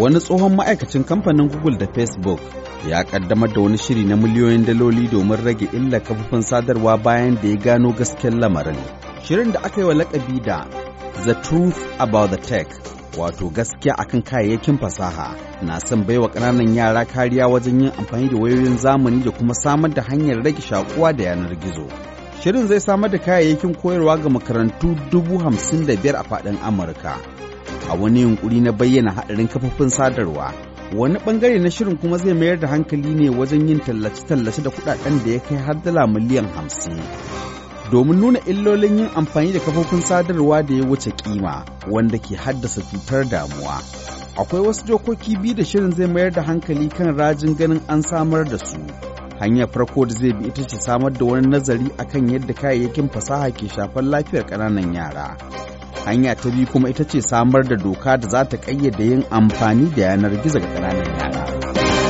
wani tsohon ma'aikacin kamfanin Google da Facebook ya kaddamar da wani shiri na miliyoyin daloli domin rage illa kafofin sadarwa bayan da ya gano gasken lamarin. Shirin da aka yi wa lakabi da The Truth About the Tech, wato gaskiya akan kayayyakin fasaha, na son baiwa ƙananan yara kariya wajen yin amfani da wayoyin zamani da kuma samar da hanyar rage shakuwa da yanar gizo. Shirin zai samar da kayayyakin koyarwa ga makarantu dubu hamsin da biyar a faɗin Amurka. a wani yunkuri na bayyana haɗarin kafofin sadarwa wani bangare na shirin kuma zai mayar da hankali ne wajen yin tallace-tallace da kuɗaɗen da ya kai har dala miliyan hamsin domin nuna illolin yin amfani da kafofin sadarwa da ya wuce kima wanda ke haddasa cutar damuwa akwai wasu dokoki biyu da shirin zai mayar da hankali kan rajin ganin an samar da su hanyar farko da zai bi ita ce samar da wani nazari akan yadda kayayyakin fasaha ke shafar lafiyar ƙananan yara hanya ta biyu kuma ita ce samar da doka da za ta kayyade yin amfani da yanar gizo ga ƙananan yara